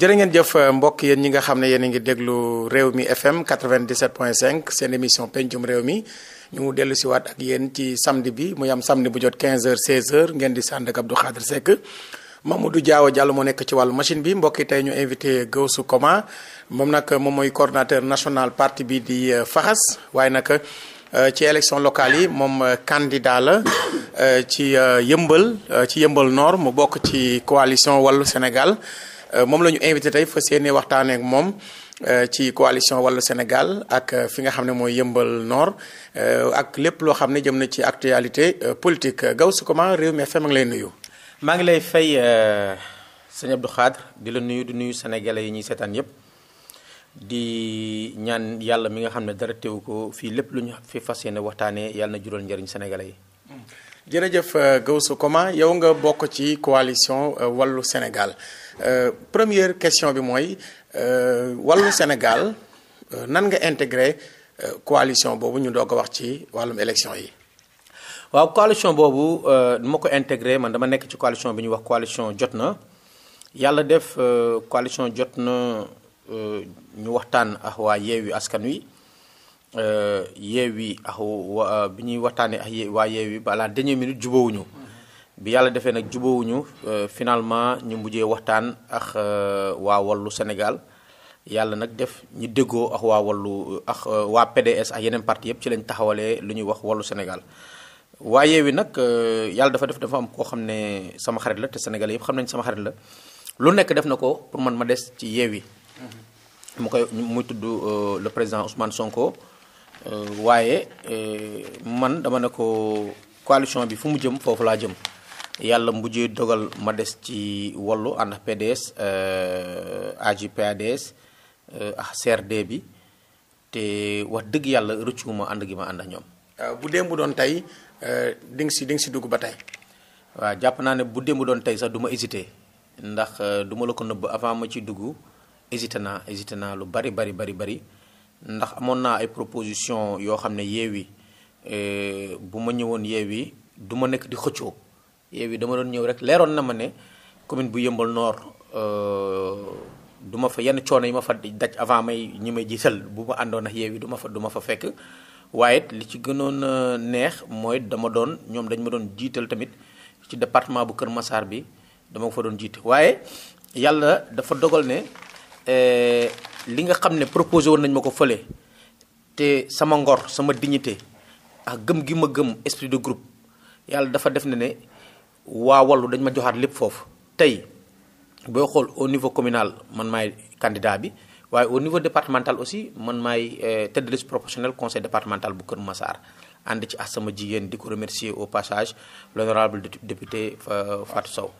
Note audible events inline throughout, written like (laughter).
jërë ngeen jëf euh, mbokk yéen ñi nga xam ne yéen a ngi déglu réew mi FM 97.5 seen émission pencum réew mi ñu dellu si waat ak yéen ci samdi bi muy am samedi bu jot 15h 16h ngeen di sànd ak Abdou Khadre Seck Mamadou Diaw Diallo moo nekk ci wàllu machine bi mbokki yi tey ñu invité Gaoussou comment moom nag moom mooy coordonnateur national parti bi di euh, Faxas waaye nag euh, ci élection locale yi moom candidat la ci yëmbal ci yëmbal nord mu bokk ci coalition wàllu Sénégal. Euh, moom la ñu invité tey fa yéene waxtaaneek moom euh, ci coalition wàllu Sénégal ak euh, fi nga xam ne mooy yëmbal Nord ak lépp loo xam ne jëm na ci actualité politique Gaoussou Koma Rewmi FM a ngi lay nuyu. maa ngi lay fay sëñ Abdou Khadre di la nuyu di nuyu sénégalais yi ñuy seetaan yëpp. di ñaan yàlla mi nga xam ne dara teewu ko fii lépp lu ñu fi fa yéene waxtaanee yàlla na jural njëriñ sénégalais yi. jërëjëf Gaoussou comment yow nga bokk ci coalition wàllu Sénégal. Euh, première question bi mooy euh, wàllu Sénégal euh, nan nga intégré coalition boobu ñu doog a wax ci wàllum élection yi. waaw coalition boobu nu ma ko intégré man dama nekk ci coalition bi ñu wax coalition jot na yàlla def coalition jot na ñu waxtaan ak waa Yewwi Askan Wi. Yewwi ak bi ñuy waxtaanee ak waa Yewwi ba la dernière jubawuñu bi yàlla defee nag jubóowuñu euh, finalement ñu mujjee waxtaan ak euh, waa wallu Sénégal yàlla nag def ñu déggoo ak waa wallu ak euh, waa PDS ak yeneen parti yëpp ci lañ taxawalee lu ñuy wax wallu Sénégal waaye Yewwi nag yàlla dafa def dafa am koo xam ne sama xarit la te Sénégalais yëpp xam nañ sama xarit la lu nekk def na ko pour man ma des ci Yewwi mm-hmm. mu koy muy tudd le président Ousmane Sonko waaye man dama ne ko coalition bi fu mu jëm foofu laa jëm yàlla mujjee dogal ma des ci wallu ànd ak PDS euh, AJ/PADS euh, ak CRD bi te wax dëgg yàlla rëccuwuma ànd gi ma ànd ak ñoom. Euh, bu démb doon tey di nga si ding si dugg ba tey. waaw jàpp naa ne bu démb doon tey sax du ma hésité ndax du ma la ko nëbb avant ma ci dugg hésité naa hésité naa lu bari bari bari bari ndax amoon naa ay proposition yoo xam ne Yewwi bu ma ñëwoon Yewwi du ma nekk di xëccoo. yi dama doon ñëw rek leeroon na ma ne commune bu yëmbal noor euh, du ma fa yenn coono yi ma fa daj avant may ñi may jiital bu ma àndoon ak Yewwi yi duma fa duma fa fekk waaye li ci gënoon euh, neex mooy dama doon ñoom dañ ma doon jiital tamit ci département bu Kër Massar bi dama ko fa doon jiite waaye yàlla dafa dogal ne euh, li nga xam ne proposé woon nañ ma ko fële te sama ngor sama dignite ak gëm gi ma gëm esprit de groupe yàlla dafa def na ne waa wallu dañ ma joxaat lépp foofu tey booy xool au niveau communal man maay candidat bi waaye au niveau départemental aussi man maay euh, tête de liste proportionnel conseil départemental bu Kër Massar ànd ci ak sama jigéen di ko remercier au passage l'honorable député euh, Fatou Sow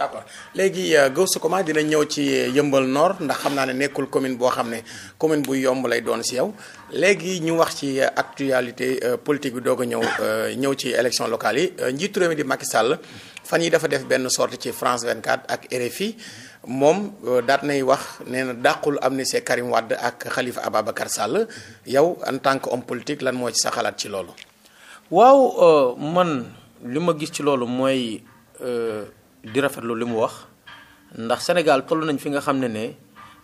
d' accord léegi euh, Gaoussou Koma dina ñëw ci euh, yëmbal nord ndax xam naa ne nekkul commune boo xam ne commune buy yomb lay doon si yow léegi ñu wax ci euh, actualité politique bi doog a ñëw ñëw ci élection locale yi njiitu réew mi di Macky Sall fan yi dafa def benn sortie ci France 24 ak RFI moom daat nay wax nee na dàqul amnistie Karim Wade ak Khalifa Ababacar Sall yow en tant que homme politique lan moo ci sa xalaat ci loolu. waaw man li ma gis ci loolu mooy. di rafetlu li mu wax ndax Sénégal toll nañ fi nga xam ne ne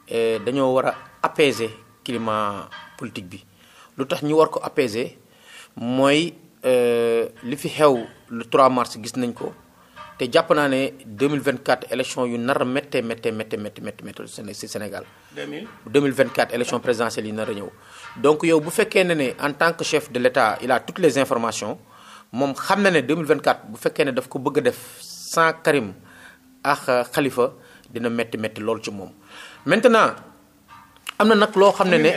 eh, dañoo war a apaiser climat politique bi lu tax ñu war ko apaiser mooy eh, li fi xew le 3 mars gis nañ ko te jàpp naa ne 2024 élection yu nar a méttee méttee méttee méttee méttee ci Sénégal. 2000 2024 élection présidentielle yi nar a ñëw. donc yow bu fekkee ne ne en tant que chef de l'État il a toutes les informations moom xam na ne 2024 bu fekkee ne daf ko bëgg a def. cent Karim ak xalifa euh, dina métti métti lool ci moom maintenant am na nag loo xam ne ne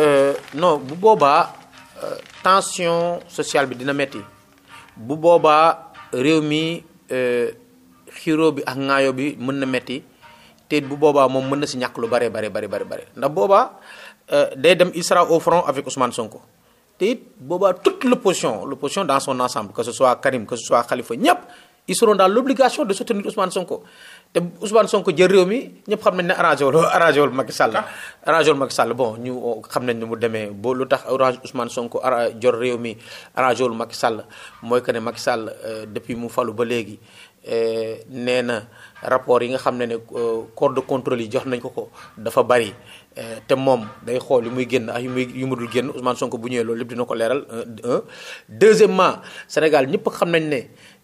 euh, no bu boobaa euh, tension sociale bi dina métti bu boobaa réew mi xiroo bi ak ŋaayo bi mën na metti te bu boobaa moom mën na si ñàkk lu bare bare bare bare ndax boobaa day dem il sera au front avec Ousmane Sonko te it boobaa toute l'opposition l'opposition dans son ensemble que ce soit Karim que ce soit Khalifa ñëpp ils seront dans l'obligation de soutenir Ousmane Sonko te Ousmane Sonko jël réew mi ñëpp xam nañ ne arrangé wul arrangé wul Macky Sall Sall bon ñu xam nañ ne mu demee ba lu tax arrangé Ousmane Sonko ara jor réew mi arrangé lu Macky Sall mooy que ne mag Sall euh, depuis mu falu ba léegi euh, nee na rapport yi nga xam ne ne euh, corps de contrôle yi jox nañ ko ko dafa bari te moom day xool yi muy génn ak yu muy yu mu dul génn Ousmane Sonko bu ñëwee loolu lépp dina ko leeral deuxièmement Sénégal ñëpp xam nañ ne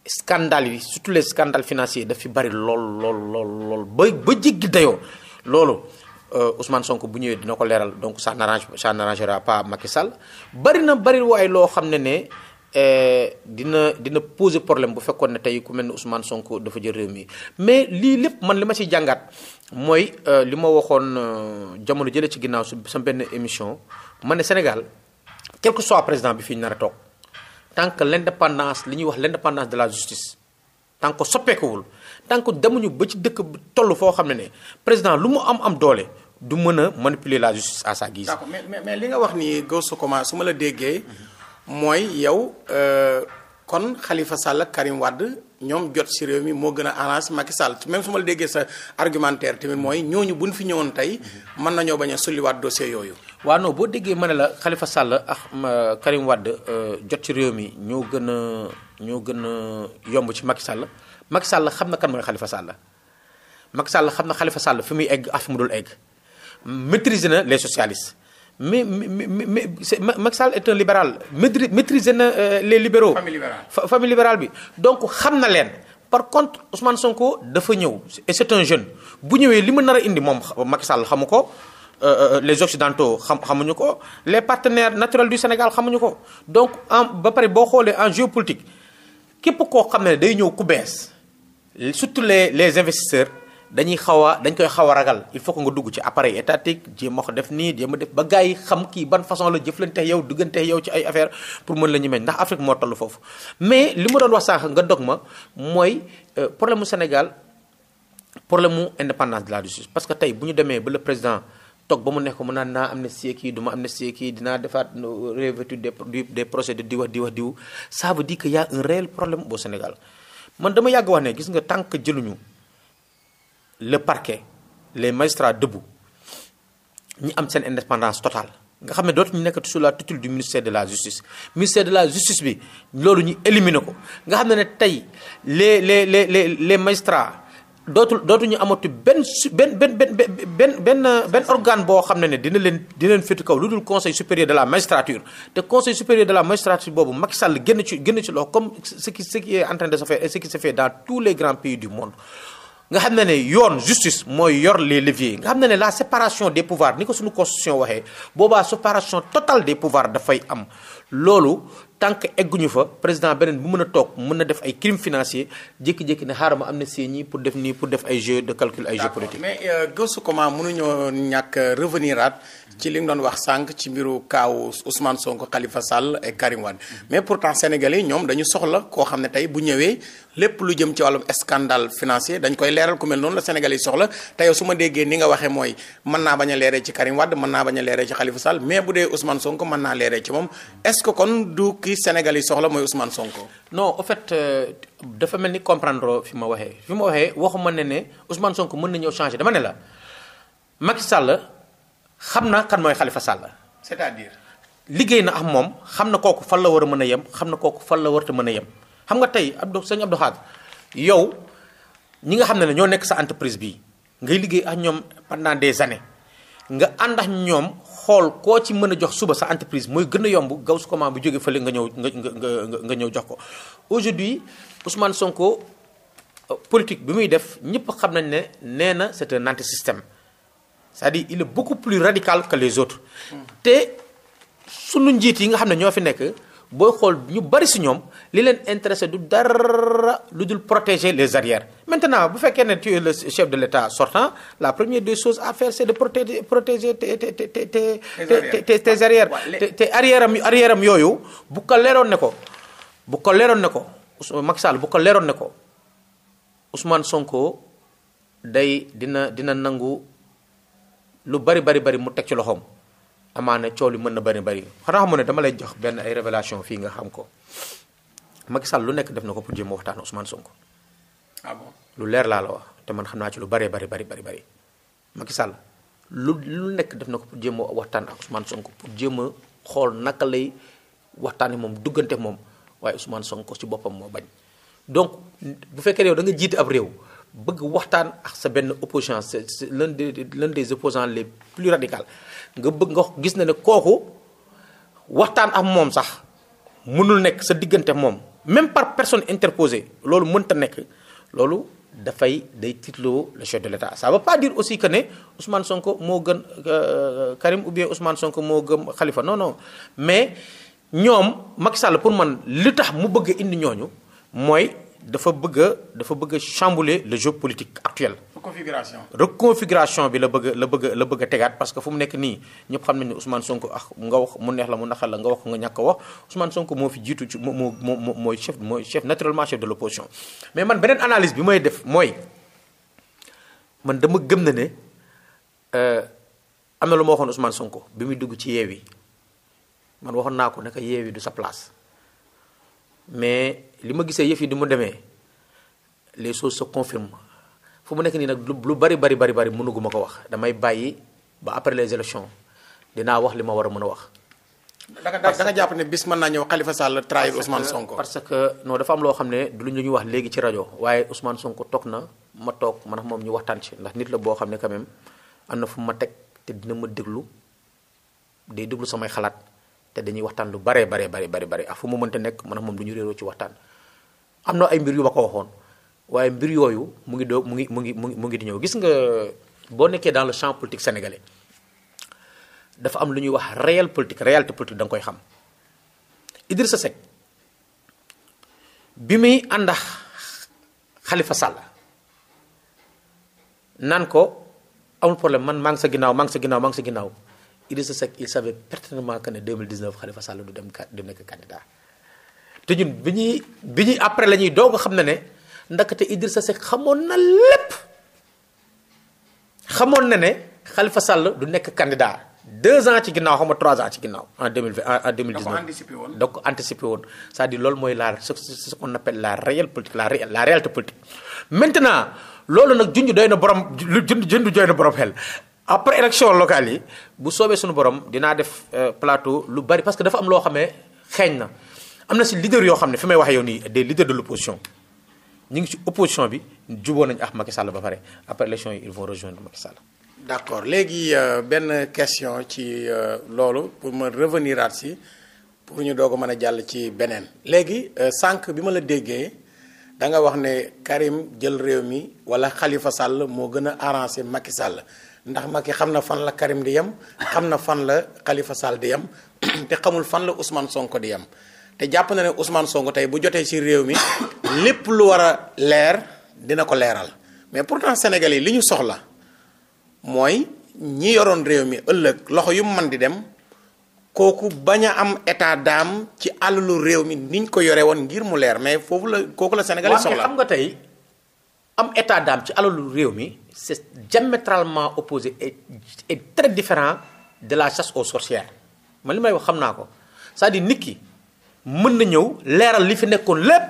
scandale yi surtout les scandales financiers daf fi bari lool lool lool ba ba jéggi dayoo loolu euh, Ousmane Sonko bu ñëwee dina ko leeral donc ça n'arrange ça n'arrangera pas Macky Sall bari na bari waaye loo xam ne ne euh, dina dina poser problème bu fekkoon ne tey ku mel ne Ousmane Sonko dafa jël réew mi mais lii lépp man li ma ci jàngaat mooy euh, li ma waxoon jamono jële ci ginnaaw su sa benn émission ma ne Sénégal quel que soit président bi fi ñu nar a toog. tant que l'indépendance li ñuy wax l'indépendance de la justice tant que soppeekuwul tant demuñu ba ci dëkk bi toll foo xam ne ne président lu mu am am doole du mën a manipuler la justice à sa guise. mais mais mais li nga wax ni Gaoussou Koma su ma la déggee mooy yow euh, kon xalifa Sall ak Karim Wade ñoom jot ci réew mi moo gën a arrange Macky Sall même su ma la déggee sa argumentaire tamit mooy ñooñu buñ fi ñëwoon tey mën nañoo bañ a sulliwaat dossier yooyu. waaw non boo déggee ma ne la Khalifa Sall ak euh, Karim Wade euh, jot ci réew mi ñoo gën a ñoo gën a yomb ci Macky Sall Macky Sall xam na kan mooy Khalifa Sall Macky Sall xam na Khalifa Sall fi muy egg ak fi mu dul egg maîtriser na les socialistes mais mais mais Macky Sall est un libéral maîtriser na euh, les libéraux. famille libérale bi donc xam na leen. par contre Ousmane Sonko dafa ñëw et c'est un jeune bu ñëwee li ma nar a indi moom Macky Sall xamu ko. Euh, euh, euh, les occidentaux xam xamuñu ko les partenaires naturels du Sénégal xamuñu ko donc en ba pare boo xoolee en géopolitique képp koo xam ne day ñëw ku bees surtout les les investisseurs dañuy xaw a dañ koy xaw a ragal il faut que nga dugg ci appareil étatique jéem a ko def nii jéem a def ba gars yi xam kii ban façon la jëflante yow diggante yow ci ay affaire pour mën la ñu meñ ndax Afrique moo toll foofu mais li mu doon wax sànq nga dog ma mooy problème mu Sénégal problème mu indépendance de la parce que tey bu ñu demee ba le président toog ba mu nekk mu naan naa amnistie kii am ma amnistie kii dinaa defaat revêtu des des projets de diw ak diw ak diw ça veut dire que y a un réel problème boo Sénégal man dama yàgg wax ne gis nga tant que jëluñu le parquet les magistrats debout ñi am seen indépendance totale nga xam ne dootuñu nekkati sous la tutelle du ministère de la justice ministère de la justice bi loolu ñu éliminer ko nga xam ne ne tey les les les les les magistrats. dootul dootuñu amatu benn su benn benn benn benn benn benn organe boo xam ne ne dina leen dina leen kaw lu dul conseil supérieur de la magistrature te conseil supérieur de la magistrature boobu Macky Sall génn ci génn ci loxo comme ce qui ce qui est en train de se ce qui se fait dans tous les grands pays du monde nga xam ne ne yoon justice mooy yor les leviers nga xam ne ne la séparation des pouvoirs ni ko suñu constitution waxee boobaa séparation totale des pouvoirs dafay am loolu tant que egguñu fa président beneen bu mën a toog mën na def ay crime financier jékki-jékki ne xaaral ma am na seen ñi pour def nii pour def ay jeu de calcul ay jeu politique. mais euh, Gaoussou Koma mënuñoo ñàkk revenir aat ci li nga doon wax sànq ci mbiru kaawu Ousmane sonk kalifa Sall et Karim Wade mm-hmm. mais pourtant sénégalais ñoom dañu soxla koo xam ne tey bu ñëwee. lépp lu jëm ci wàllum scandale financier dañ koy leeral ku mel noonu la Sénégal yi soxla te yow su ma déggee ni nga waxee mooy mën naa bañ a leeree ci Karim Wade mën naa bañ a leeree ci Khalifa Sall mais bu dee Ousmane Sonko mën naa leeree ci moom est-ce que kon du ki Sénégal yi soxla mooy Ousmane Sonko. non en fait euh, dafa mel ni comprendre fi ma waxee fi ma waxee waxuma ne ne Ousmane Sonko mën na ñëw changer dama ne la Macky Sall xam na kat mooy xalifa Sall. c'est-à-dire. liggéey na ak moom xam na kooku fan la war mën a yem xam na kooku fan la warut mën a yem. xam nga tey Abdou sëñ Abdou Khadre yow ñi nga xam ne ñoo nekk sa entreprise bi ngay liggéey ak ñoom pendant des années nga ànd ak ñoom xool koo ci mën a jox suba sa entreprise mooy gën a yomb gaw su commande bu jógee fële nga ñëw nga nga nga ñëw jox ko. aujourd'hui Ousmane Sonko euh, politique bi muy def ñëpp xam nañ ne nee na c'est un anti-système c'est-à-dire il est beaucoup plus radical que les autres. Hmm. te sunu njiit yi nga xam ne ñoo fi nekk. booy xool ñu bari si ñoom li leen intéressé du dara lu dul protéger les arrières maintenant bu fekkee ne tu le chef de l'État sortant la première des choses à c'est de protéger protéger tes tes te tes te arrières tes arrière yooyu bu ko leeroon ne ko bu ko leeroon ne ko Macky Sall bu ko leeroon ne ko Ousmane Sonko day dina dina nangu lu bari bari bari mu teg ci loxoom. amaana coow li mën na bari bëri xanaa xamoon ne dama lay jox benn ay révélation fii nga xam ko Macky Sall lu nekk def na ko pour jéem a waxtaan Ousmane Sonko. Ah lu leer laa la wax te man xam naa ci lu bëree bëri bëri bëri Macky Sall lu nekk def na ko pour waxtaan ak Ousmane Sonko pour jéem a xool naka lay waxtaanee moom duggante moom waaye Ousmane Sonko ci boppam moo bañ donc bu fekkee yow da nga jiite ab réew. bëgg waxtaan ak sa benn opposition c'est l'un des des opposants les plus radicaux nga bëgg nga gis na ne kooku waxtaan am moom sax mënul nekk sa diggante moom même par personne interposée loolu mënta nekk loolu dafay day titloo le chef de l'État saa ba pas dire aussi que ne Ousmane Sonko moo gën euh, Karim ou bien Ousmane sonk moo gën xalifa non non mais ñoom Macky Sall pour man li tax mu bëgg indi ñooñu mooy. dafa bëgg a dafa bëgg a chambouler le jeu politique actuel. reconfiguration reconfiguration bi la bëgg la bëgg la bëgg tegaat parce que fu mu nekk nii ñëpp xam nañ ne Ousmane Sonko ah nga wax mu neex la mu naxal la nga wax nga ñàkk a wax Ousmane Sonko moo fi jiitu ci moo moo moo mooy chef mooy chef naturellement chef de l'opposition. mais man beneen analyse bi may def mooy man dama gëm na ne euh, am na lu ma waxoon Ousmane Sonko bi muy dugg ci yi man waxoon naa ko naka yeewi du sa place li ma gisee yëf yi di mu demee les choses sa confirme fu mu nekk nii nag lu bari bari bari bari mënuguma ko wax damay bàyyi ba après les élections dinaa wax li ma war a mën a wax. da nga jàpp ne bis mën naa ñëw Khalifa Sall trahir Ousmane Sonko. parce que non dafa am loo xam ne du lu ñu wax léegi ci rajo waaye Ousmane Sonko toog na ma toog man moom ñu waxtaan ci ndax nit la boo xam ne quand même am na fu ma teg te dina ma déglu day déglu samay xalaat. te dañuy waxtaan lu baree baree bari bari bari ak fu mu mënta nekk man moom du ñu réeroo ci waxtaan am na ay mbir yu ma ko waxoon waaye mbir yooyu mu ngi doo mu ngi mu ngi mu ngi mu ngi di ñëw gis nga boo nekkee dans le champ politique sénégalais dafa am lu ñuy wax réel politique réalité politique da nga koy xam sa Seck bi muy àndax xalifa Sall naan ko amul problème man maa ngi sa ginnaaw maa ngi sa ginnaaw maa ngi sa ginnaaw Idrissa Seck il savait pertinemment que ne 2019 Khalifa Sall du dem du nekk candidat te ñun bi ñuy après la ñuy doog xam ne ne ndaxte Idrissa Seck xamoon na lépp xamoon na ne Khalifa Sall du nekk candidat deux ans ci ginnaaw xaw ma trois ans ci ginnaaw en 2020 en 2019 da ko anticipé woon da ko anticipé woon loolu mooy la ce ce qu'on appelle la réelle politique la la réalité politique maintenant loolu nag junj doy na borom lu junj doy na borom xel après élection locale yi bu soobee suñu borom dinaa def euh, plateau lu bari parce que dafa am loo xam ne xeeñ na am na si leader yoo xam ne fi may waxee yoon yi des leaders de l' opposition ñu ngi si opposition bi juboo nañu ak Macky Sall ba pare après élection yi ils vont rejoindre Macky Sall. d' accord léegi euh, benn question ci euh, loolu pour ma revenir aat si pour ñu doog ko mën a jàll ci beneen. léegi sànq bi ma la déggee da nga wax ne Karim jël réew mi wala Khalifa Sall moo gën a arrangé Macky ndax Macky xam na fan la Karim di yem xam na fan la kalifa Sall di yem te xamul fan la Ousmane Sonko di yem te jàpp na ne usman Sonko tey bu jotee ci réew mi lépp lu war a leer dina ko leeral mais pourtant Sénégal yi li ñu soxla mooy ñi yoroon réew mi ëllëg loxo yu man di dem kooku bañ a am état d'âme ci àllalu réew mi niñ ko yore woon ngir mu leer mais foofu la kooku la Sénégal soxla waaw nga tey am état d'âme ci àllalu réew mi. c'est diamétralement opposé et et très différent de la chasse aux sorcières man li may wax xam naa ko c'est-à-dire nit ki mën na ñëw leeral li fi nekkoon lépp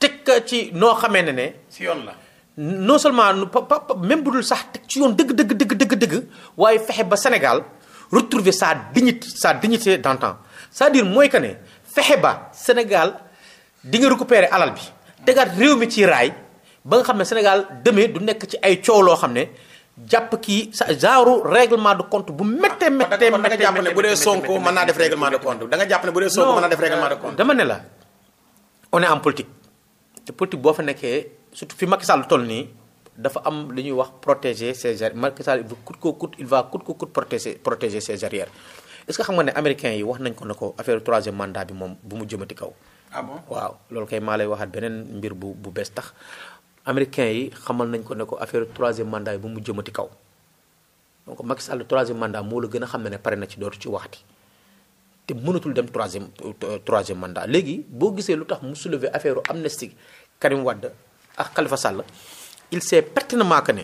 teg ka ci noo xamee ne ne. si yoon la. non seulement nu pa même bu dul sax teg ci yoon dëgg dëgg dëgg dëgg dëgg waaye fexe ba Sénégal retrouver sa dignité sa dignité d'antan c'est-à-dire mooy que ne fexe ba Sénégal di nga récupérer alal bi tegaat réew mi ci raay. ba nga xam ne Sénégal demee du nekk ci ay coow loo xam ne jàpp kii sa genre règlement de compte bu méttee ah, méttee. méttee méttee méttee méttee bu dee Sonko mën naa def règlement de compte da nga jàpp ne ne la on est en politique te politique boo fa nekkee surtout fi Macky Sall toll nii dafa am lu ñuy wax protéger ses arrières Macky Sall coûte que coûte il va coûte que coûte protéger protéger xam ne américains yi wax nañ ko ne ko affaire troisième mandat moom bu mu jëmati kaw. Ah waaw loolu kay maa lay waxaat beneen mbir bu bu bees tax. américains yi xamal nañ ko ne ko affaire troisième mandat yi bu mu jëmati kaw donc Macky Sall troisième mandat moo la gën a xam ne ne pare na ci dootu ci waxati te mënatul dem troisième euh, troisième mandat léegi boo gisee lu tax mu soulever affaire amnistie Karim Wade ak Khalifa Sall il sait pertinemment que ne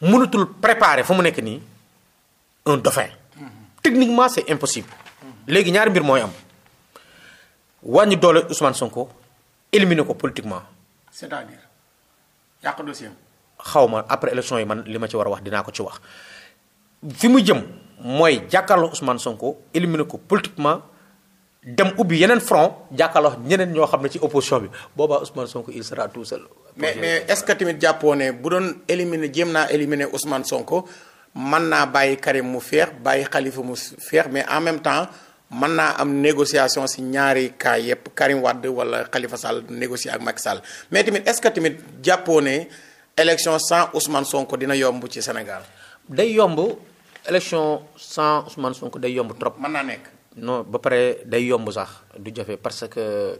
mënatul préparer fu mu nekk nii un dauphin. techniquement c'est impossible. léegi ñaari mbir mooy am wàññi doole Ousmane Sonko éliminer ko politiquement. c'est-à-dire yàq dossier xaw ma après élection yi man li ma ci war a wax dinaa ko ci wax fi mu jëm mooy jàkkaarloo Ousmane Sonko éliminer ko politiquement dem ubbi yeneen front jàkkaarloo ñeneen ñoo xam ne ci opposition bi boobaa Ousmane Sonko il sera tout seul. mais mais est-ce que tamit jàppoo ne bu doon éliminer jéem naa éliminer Ousmane Sonko mën naa bàyyi Karim mu feex bàyyi Khalifa mu féex mais en même temps. mën naa am négociation si ñaari cas yépp Karim Wade wala Khalifa Sall négocier ak Macky Sall mais tamit est-ce que tamit jàppoo ne élection sans Ousmane Sonko dina yomb ci Sénégal. day yomb élection sans Ousmane Sonko day yomb trop. mën naa nekk. non ba pare day yomb sax du jafe parce que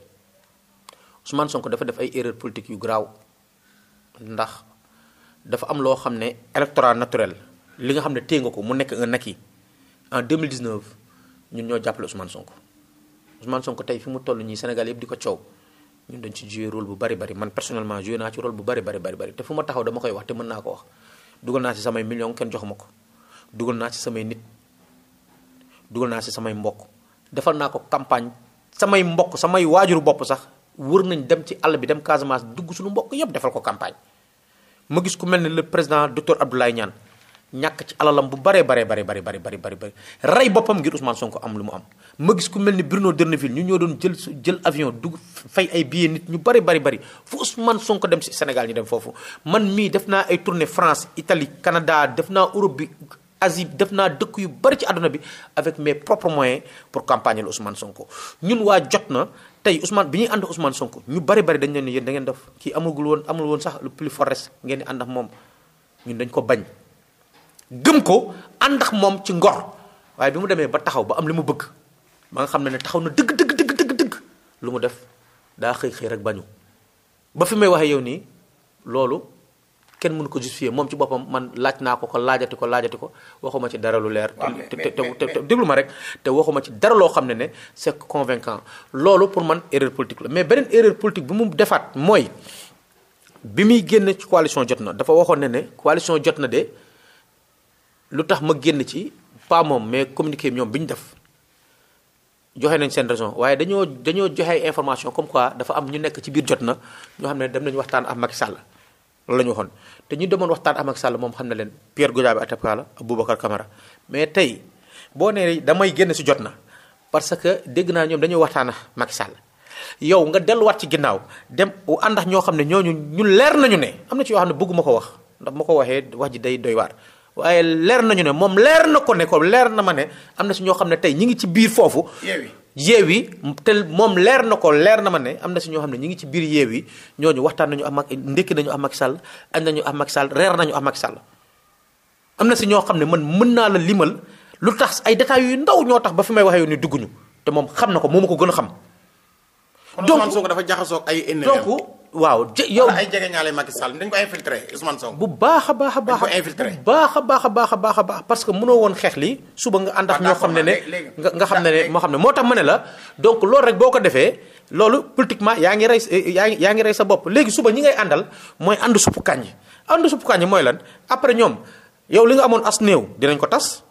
Ousmane Sonko dafa def ay erreur politique yu garaaw ndax dafa am loo xam ne électorat naturel li nga xam ne téye nga ko mu nekk un acquis en ñun ñoo jàppale Ousmane sonk Ousmane Sonko tey fi mu toll ñii Sénégal yëpp di ko coow ñun dañ ci joué role bu bari bari man personnellement joué naa ci rôle bu bari bari bari bari te fu ma taxaw dama koy wax te mën naa ko wax dugal naa ci samay million kenn jox ma ko dugal naa ci samay nit dugal naa ci samay mbokk defal naa ko campagne samay mbokk samay waajuru bopp sax wër nañ dem ci àll bi dem Casamance dugg lu mbokk yëpp defal ko campagne ma gis ku mel ne le président docteur Abdoulaye Niane ñàkk ci alalam bu baree baree bari bari bari bari bari bari rey boppam ngir Ousmane Sonko am lu mu am ma gis ku mel ni Bruno Derneville ñu ñoo doon jël jël avion dugg fay ay billets nit ñu bari bari bari fu Ousmane Sonko dem ci Sénégal ñu dem foofu man mii def naa ay tournée France Italie kanadaa def naa Europe bi Asie def naa dëkk yu bari ci àdduna bi avec mes propres moyens pour campagne la Ousmane Sonko ñun waa jot na tey Ousmane bi ñuy ànd Ousmane Sonko ñu bari bari dañ leen ne yéen da def kii amagul woon woon sax le plus fort ngeen di ànd ak moom ñun dañ ko bañ gëm ko ànd ndax moom ci ngor waaye bi mu demee ba taxaw ba am li mu bëgg ba nga xam ne ne taxaw na dëgg dëgg dëgg dëgg dëgg lu mu def daa xëy xëy rek bañu ba fi may waxee yow nii loolu kenn mënu ko justifier moom ci boppam man laaj naa ko ko laajati ko laajati ko waxuma ci dara lu leer. Ah, te te te déglu ma rek te waxuma ci dara loo xam ne ne c'est convaincant loolu pour man erreur politique la mais beneen erreur politique bi mu defaat mooy bi muy génn ci coalition jot na dafa waxoon ne ne coalition jot na de. lu tax ma génn ci pas moom mais communiqué bi ñoom bi ñu def joxe nañ seen raison waaye dañoo dañoo joxe information comme quoi dafa am ñu nekk ci biir jot na ñoo xam ne dem nañu waxtaan am Macky Sall loolu la ñu waxoon te demoon waxtaan ak Macky moom xam ne leen Pierre Goudiaby Atepa la Aboubacar Camara mais tey boo nee damay génn si jot na parce que dégg naa ñoom dañoo waxtaan ak Macky Sall yow nga delluwaat ci ginnaaw dem àndax ñoo xam ne ñooñu ñu leer nañu ne am na ci yoo xam ne bëgguma ko wax ndax ma ko waxee wax ji day doy waar waaye leer nañu ne moom leer na ko ne ko leer na ma ne am na si ñoo xam ne tey ñi ngi ci biir foofu. yeewi yeewi te moom leer na ko leer na ma ne am na si ñoo xam ne ñi ngi ci biir yeewi ñooñu waxtaan nañu am ak ndékki nañu am ak Sall añ nañu am ak reer nañu am Sall. am na si ñoo xam ne man mën naa la limal lu tax ay détails yu ndaw ñoo tax ba fi may waxee yow ni dugguñu te moom xam na ko moo a ko gën a xam. donc Ousmane Sonko dafa jaxasoo ak ay ennemis donc waaw yow ay jegeñaale Macky Sall dañ ko infiltré bu baax a baax a baax baax a baax a baax a baax a baax parce que mënoo woon xeex li suba nga ànd ak ñoo xam ne ne nga xam ne ne moo xam ne moo tax ma ne la donc loolu rek boo ko defee loolu politiquement yaa ngi rey eh, yaa yaa ngi rey sa bopp léegi suba ñi ngay àndal mooy ànd suppu kàññ ànd suppu kàññ mooy lan après ñoom yow li nga amoon as néew dinañ ko tas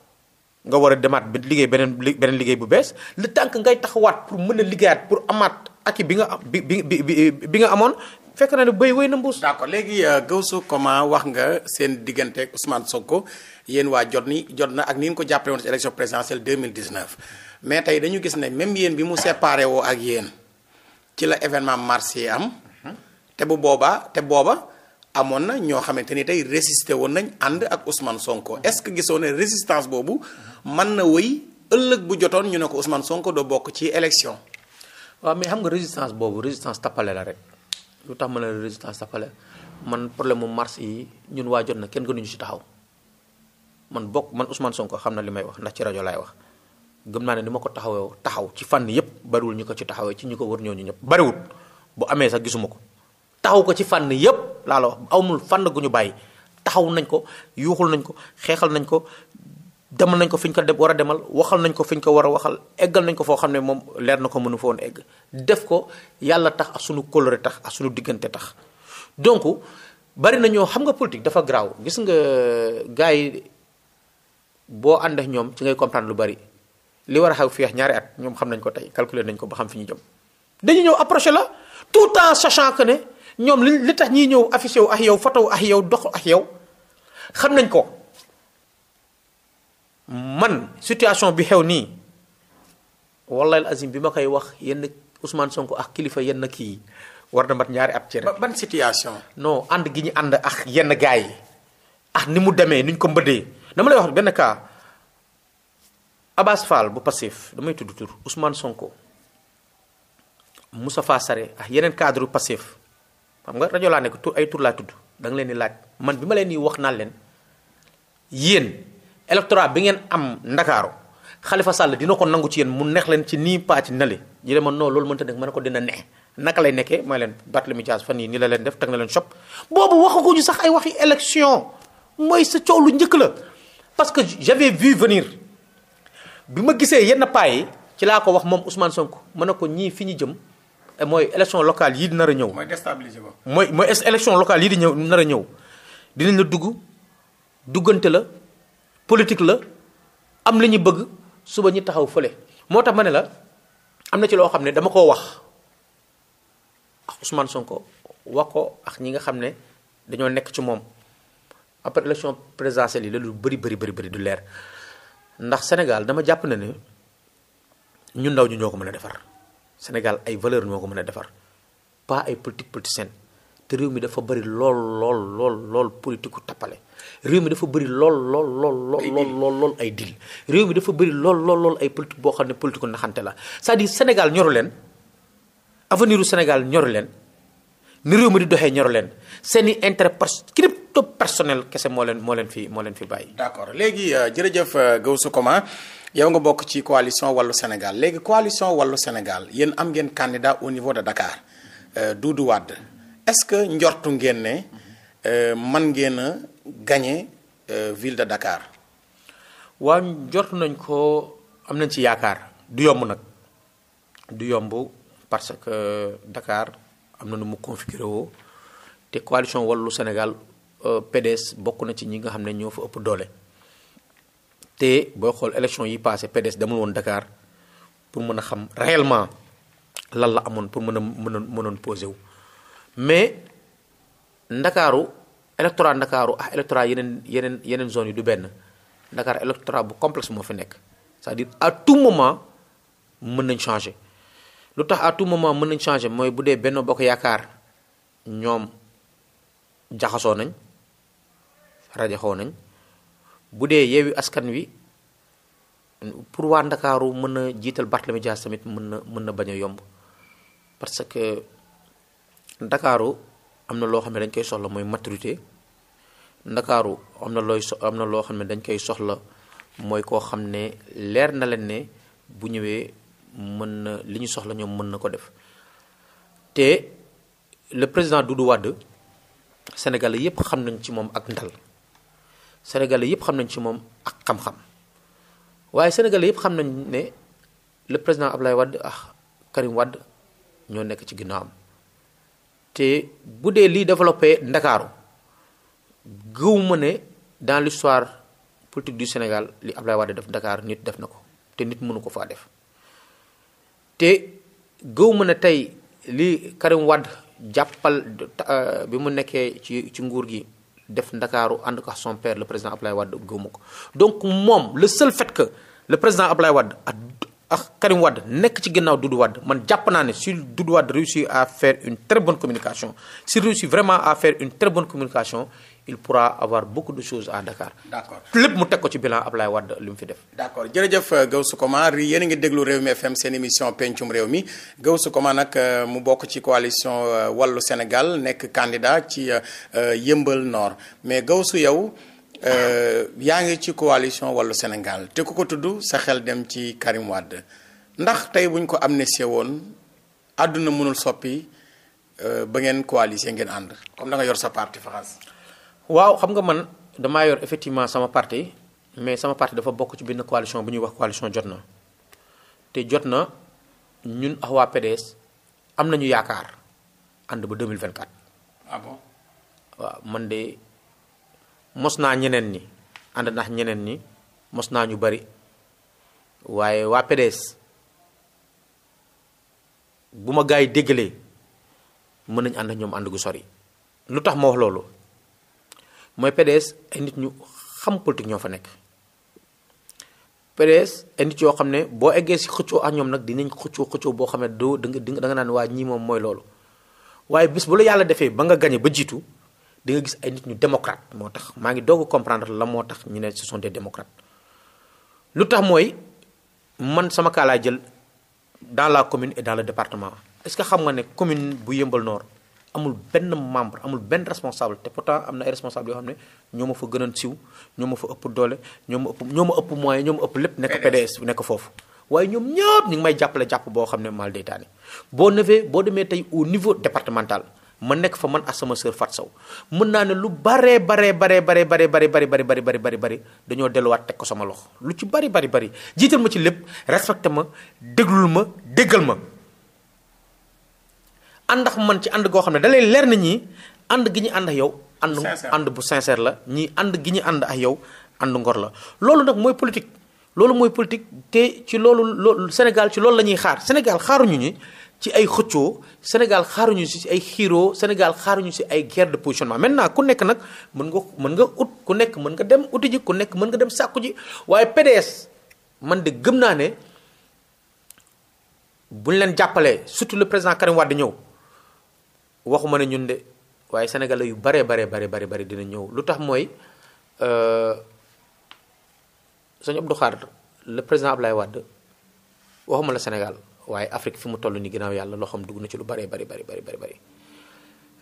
nga war a demaat liggéey beneen beneen liggéey bu bees le tànk ngay taxawaat pour mën a liggéeyaat pour amaat ak bi nga am bi bi bi bi nga amoon fekk na ne béy wéy na mbuus. d'accord léegi euh, Gaoussou comment wax nga seen diggante ak Ousmane Sonko yéen waa jot ni jot na ak ni ñu ko jàppale woon ci élection présidentielle 2019 mais tey dañu gis ne même yéen bi mu séparé woo ak yéen ci la événement mars yi am. Mhm. te bu boobaa te booba amoon na ñoo xamante ni tey résister woon nañ ànd ak Ousmane Sonko mhm. est-ce que gisoo ne résistance boobu man na wéy ëllëg bu jotoon ñu ne ko Ousmane Sonko doo bokk ci élection. waaw mais xam nga résistance boobu résistance tappale la rek lu tax ma ne résistance tappale man problème mu mars yi ñun waa jot na kenn gënuñu ci taxaw man bokk man Ousmane Sonko xam na li may wax ndax ci rajo laay wax gëm naa ne ni ma ko taxawee taxaw ci fànn yëpp bariwul ñu ko ci taxawee ci ñu ko wër ñooñu ñëpp bariwul bu amee sax gisuma ko taxaw ko ci fànn yëpp laa la wax amul fànn gu ñu bàyyi taxaw nañ ko yuuxul nañ ko xeexal nañ ko demal nañ ko fi ñu ko war a demal waxal nañ ko fi ñu ko war a waxal eggal nañ ko foo xam ne moom leer na ko mënu fa woon egg def ko yàlla tax ak sunu coloré tax ak sunu diggante tax donc bari na xam nga politique dafa garaaw gis nga euh, gars yi boo ànd ñoom ci ngay comprendre lu bari li war a xaw feex ñaari at ñoom xam nañ ko tey calculer nañ ko ba xam fi ñu jom dañu ñëw approché la tout en sachant que ne ñoom li li tax ñiy ñëw affiché wu ak yow photo wu ak yow dox ak yow xam nañ ko man situation bi xew nii wallahi azim bi ma koy wax yenn Ousmane Sonko ak kilifa yenn kii war na ñaari ab cere. ban situation. non ànd gi ñu ànd ak yenn gars yi ak ni mu demee ni ñu ko mbëddee dama lay wax benn kaa Abass Fall bu Pastef damay tudd tur usman Sonko Moustapha Sarré ak yeneen cadre Pastef xam nga rajo laa nekk tur ay tur laa tudd da leen di laaj man bi ma leen di wax naan leen yéen. électorat bi ngeen am ndakaaru Khalifa Sall dina ko nangu ci yéen mu neex leen ci nii paa ci nali ñu demoon non loolu mënta nekk mën na ko dina ne naka lay nekkee mooy leen Barthélémy Dias fan yii nii la leen def teg na leen choc boobu waxaguñu sax ay waxi élection mooy sa coow lu njëkk la parce que j'avais vu venir bi ma gisee yenn paa yi ci laa ko wax moom Ousmane Sonko mën na ko ñii fi ñu jëm eh, mooy élection locale yii di nar a ñëw. mooy déstabiliser ko. mooy mooy élection locale yii di ñëw nar a ñëw dinañ la dugg duggante la. politique la am li ñu bëgg suba ñu taxaw fële moo tax ma ne la am na ci loo xam ne dama koo wax ak Ousmane Sonko wax ko ak ñi nga xam ne dañoo nekk ci moom après élection présidentielle yi la lu bëri bari bari bari du leer ndax Sénégal dama jàpp na ne ñun ndaw ñu ñoo ko mën a defar Sénégal ay valeur ñoo ko mën a defar pas ay politique politicienne te réew mi dafa bëri lool lool lool lool politique ku tappale réew mi dafa bëri lool lool lool lool lool lool ay dil réew mi dafa bëri lool lool lool ay politique boo xam ne politique naxante la c'est-à-dire Sénégal ñoru leen avenir u Sénégal ñoru leen ni réew mi di doxee ñoru leen seen i intérêt crypto personnel kese moo leen moo leen fi moo leen fi bàyyi. d'accord léegi euh, jërëjëf euh, Gaoussou Koma yow nga bokk ci coalition wàllu Sénégal léegi coalition wàllu Sénégal yéen am ngeen candidat au niveau de Dakar euh, Doudou Wade. est-ce que njortu ngeen ne euh, man ngeen a gagné euh, ville de Dakar. waaw njortu nañ ko am nañ ci yaakaar du yomb nag du yomb parce que euh, Dakar am na nu mu configuré woo te coalition Wallu Sénégal PDS bokk na ci ñi nga xam ne ñoo fa ëpp doole. te booy xool élection yi passé PDS demul woon dakaar pour mën a xam réellement lan la amoon pour mën a mën a mënoon posé wu. mais ndakaaru électorat ndakaaru ah électorat yeneen yeneen yeneen zone yi du benn ndakaar électorat bu complexe moo fi nekk c'est-à-dire à tout moment mën nañ changer lu tax à tout moment mën nañ changer mooy bu dee Benno Bokk Yaakaar ñoom jaxasoo nañ rajaxoo nañ bu dee Yewwi Askan Wi pour waa ndakaaru mën na jiital Barthélemy Dias tamit mën na mën na bañ a yomb ndakaaru am na loo xam ne dañ koy soxla mooy maturité ndakaaru am na looy na loo xam ne dañ koy soxla mooy koo xam ne leer na leen ne bu ñëwee mën na li ñu soxla ñoom mën na ko def te le président Doudou Wade Sénégalais yépp xam nañ ci moom ak ndal Sénégalais yépp xam nañ ci moom ak xam-xam waaye sénégal yépp xam nañ ne le président Ablaye wàdd ah Karim wàdd ñoo nekk ci ginnaawam te bu dee lii développé ndakaaru gëw ma ne dans l'histoire politique du Sénégal li Ablaye Wade def Dakar nit def na ko te nit mënu ko faa def te gëw ma ne tey li Karim Wade jàppal euh, bi mu nekkee ci ci nguur gi def ndakaaru ànd ko son père le président Ablaye wadd gëw ko donc moom le seul fait que le président Ablaye wadd ak Karim Wade nekk ci ginnaaw Doudou Wade man jàpp naa ne si Doudou Wade réussit à faire une très bonne communication s'il réussit vraiment à faire une très bone communication il pourra avoir beaucoup de choses à Dakar. lépp mu teg ko ci bilan Ablaye Wade li mu fi def. d'accord jërëjëf euh, Gaoussou Koma yéen a ngi déglu réew mi FM seen émission pencum réew mi Gaoussou Koma nag euh, mu bokk ci coalition euh, wallu Sénégal nekk candidat ci Yëmbal noor mais Gaoussou yow. Euh, yaa ngi ci coalition wàllu Sénégal te ku ko tudd sa xel dem ci Karim Wade ndax tey bu buñ ko amnistie woon àdduna mënul soppi euh, ba ngeen coalition ngeen ànd comme da nga yor sa parti faxas waaw xam nga man damaa yor effectivement sama parti mais sama parti dafa bokk ci benn coalition bu ñuy wax coalition jot na te jot na ñun ak waa PDS am nañu yaakaar ànd ba 2024. ah bon waaw man de. mos naa ñeneen ni ànd ndax ñeneen ni mos naa ñu bari waaye waa PDS bu ma gaay yi déggalee mën nañ ànd ñoom ànd gu sori lu tax ma wax loolu mooy PDS ay nit ñu xam politique ñoo fa nekk PDS ay nit yoo xam ne boo eggee si xëccoo ak ñoom nag dinañ xëccoo xëccoo boo xam ne doo da nga naan waa ñii moom mooy loolu waaye bis bu la yàlla defee ba nga gañe ba jiitu di nga gis ay nit ñu démocrate moo tax maa ngi doog a comprendre la moo tax ñu ne ce sont des lu tax mooy man sama kaa jël dans la commune et dans le département et ce que xam nga ne commune bu Yeumbeul noor amul benn membre amul benn responsable te pourtant am na ay responsable yoo xam ne ñoo ma fa gënoon siw ñoo ma fa ëpp doole ñoo ëpp ñoo ma ëpp moyen ñoo ëpp lépp nekk PDS nekk foofu waaye ñoom ñëpp ñu ngi may jàppale jàpp boo xam ne mal day taani boo nevee boo demee tey au niveau départemental ma nekk fa man ak sama sœur Fat Sow mën naa ne lu baree baree baree baree baree bari bari bari bari bari bari bari dañoo delluwaat teg ko sama loxo lu ci bari bari bari jiital ma ci lépp respecté ma déglul ma déggal ma ànd ak man ci ànd goo xam ne da lay leer na ñii ànd gi ñu ànd ak yow ànd ànd bu sincère la ñii ànd gi ñu ànd ak yow ànd ngor la loolu nag mooy politique loolu mooy politique te ci loolu loolu Sénégal ci loolu la ñuy xaar Sénégal xaaruñu ñi ci ay xëccoo Sénégal xaaruñu si ay xiiroo Sénégal xaaruñu si ay guerre de positionnement maintenant ku nekk nag mën nga mën nga ut ku nekk mën nga dem uti ji ku nekk mën nga dem sàkku ji waaye PDS man de gëm naa ne buñ leen jàppalee surtout le président Karim Wade ñëw waxuma ne ñun de waaye sénégalais yu bare bare bare bare bare dina ñëw lu tax mooy euh, sëñ Abdou Khadre le président lay wàdd waxuma la Sénégal waaye Afrique fi mu toll ni ginnaaw yàlla loxoom dugg na ci lu bëree bari bari bari bari bari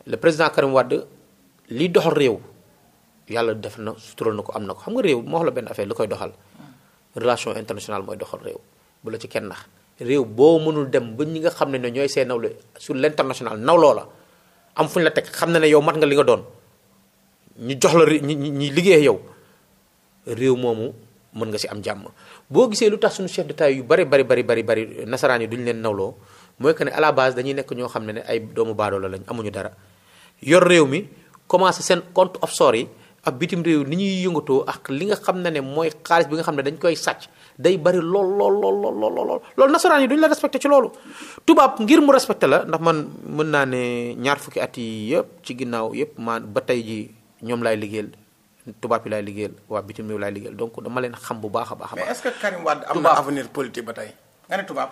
le président Karim Wade li doxal réew yàlla def na sutural na ko am na ko xam nga réew moo wax benn affaire li koy doxal relation internationale mooy doxal réew bu ci kenn nax réew boo mënul dem ba ñi nga xam ne ne ñooy see nawle su l' international nawloo la am fu ñu la teg xam na ne yow mat nga li nga doon ñu jox la ñi liggéey yow réew moomu mën nga si am jàmm boo gisee lu tax suñu chef d'état yu bari bari bari bari bari nasaraan yi duñu leen nawloo mooy que ne à la base dañuy nekk ñoo xam ne ne ay doomu baadoola lañ amuñu dara yor réew mi commencé seen compte offshore yi ak bitim réew ni ñuy yëngatoo ak li nga xam ne ne mooy xaalis bi nga xam ne dañ koy sàcc day bari lool lool lool lool loolu nasaraan yi duñu la respecté ci loolu tubaab ngir mu respecté la ndax man mën naa ne ñaar fukki at yi yëpp ci ginnaaw yëpp maa ba tey ji ñoom laay liggéey tubaab yi laay liggéeyal waa bitim réew laay liggéeyal donc dama leen xam bu baax a baax. mais est-ce que Karim am na avenir politique ba tey nga ne tubaab.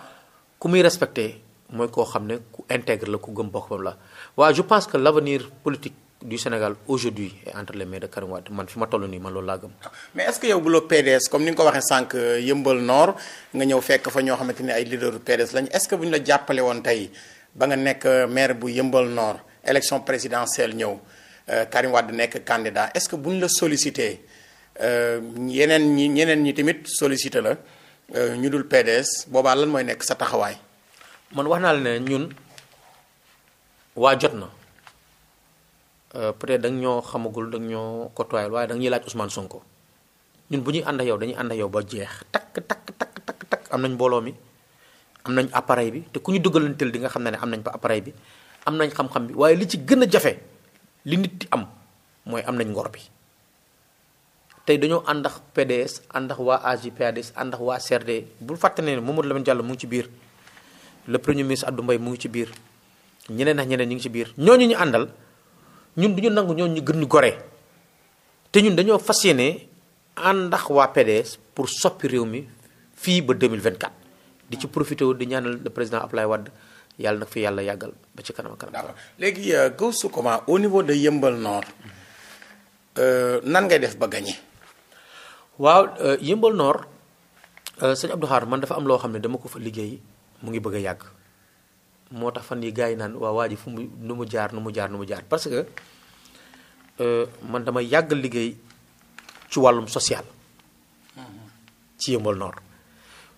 ku muy respecte mooy koo xam ne ku intègre la ku gëm boppam la waa je pense que l'avenir politique du Sénégal aujourd'hui est entre les mains de Karim man fi ma toll nii man loolu laa gëm. mais est-ce que yow bu la PDS comme ni nga ko waxee sànq yëmbal noor nga ñëw fekk fa ñoo xamante ni ay leader du PDS lañ est-ce ñu la jàppale woon tey ba nga nekk maire bu yëmbal noor élection présidentielle ñëw. Euh, Karim Wade nekk candidat est-ce que bu ñu la sollicité euh, yeneen ñi ñeneen ñi tamit sollicité la euh, ñu dul PDS boobaa lan mooy nekk sa taxawaay. man wax naa la ne ñun waa jot na peut-être da nga ñoo xamagul da nga ñoo kotuwaayal waaye da nga ñuy laaj Ousmane Sonko ñun bu ñuy ànd ak yow dañuy ànd ak yow ba jeex takk takk takk takk takk am nañ mbooloo mi am nañ appareil bi te ku ñu dugalanteel di nga xam ne ne am nañ ba appareil bi am nañ xam-xam bi waaye li ci gën a jafe. li nit di am mooy am nañ ngor bi tey dañoo ànd ak PDS àndax waa AJ/PADS àndax waa CRD bul fàtte ne Mamadou Lamine Diallo mu ngi ci biir la premier ministre Abdou mbay mu ngi ci biir ñeneen ak ñeneen ñu ngi ci biir ñooñu ñu àndal ñun du nangu ñooñu ñu gën ñu gore te ñun dañoo fas yéene ànd ak waa PDS pour soppi réew mi fii ba 2024 di ci profité di ñaanal le président Abdoulaye Wade yàlla nag fi yàlla yàggal ba ci kanam kanam. d'accord léegi euh, Gaoussou Koma au niveau de Yeumbeul Nord euh, nan ngay def ba gagné. waaw euh, Yeumbeul Nord sëñ Abdou Khadre man dafa am loo xam ne dama ko fa liggéey mu ngi bëgg a yàgg moo tax fan yi gars yi naan waa waa ji fu mu nu mu jaar nu mu jaar nu mu jaar parce que man dama yàgg liggéey ci wàllum social. Mm-hmm. ci yëmbal noor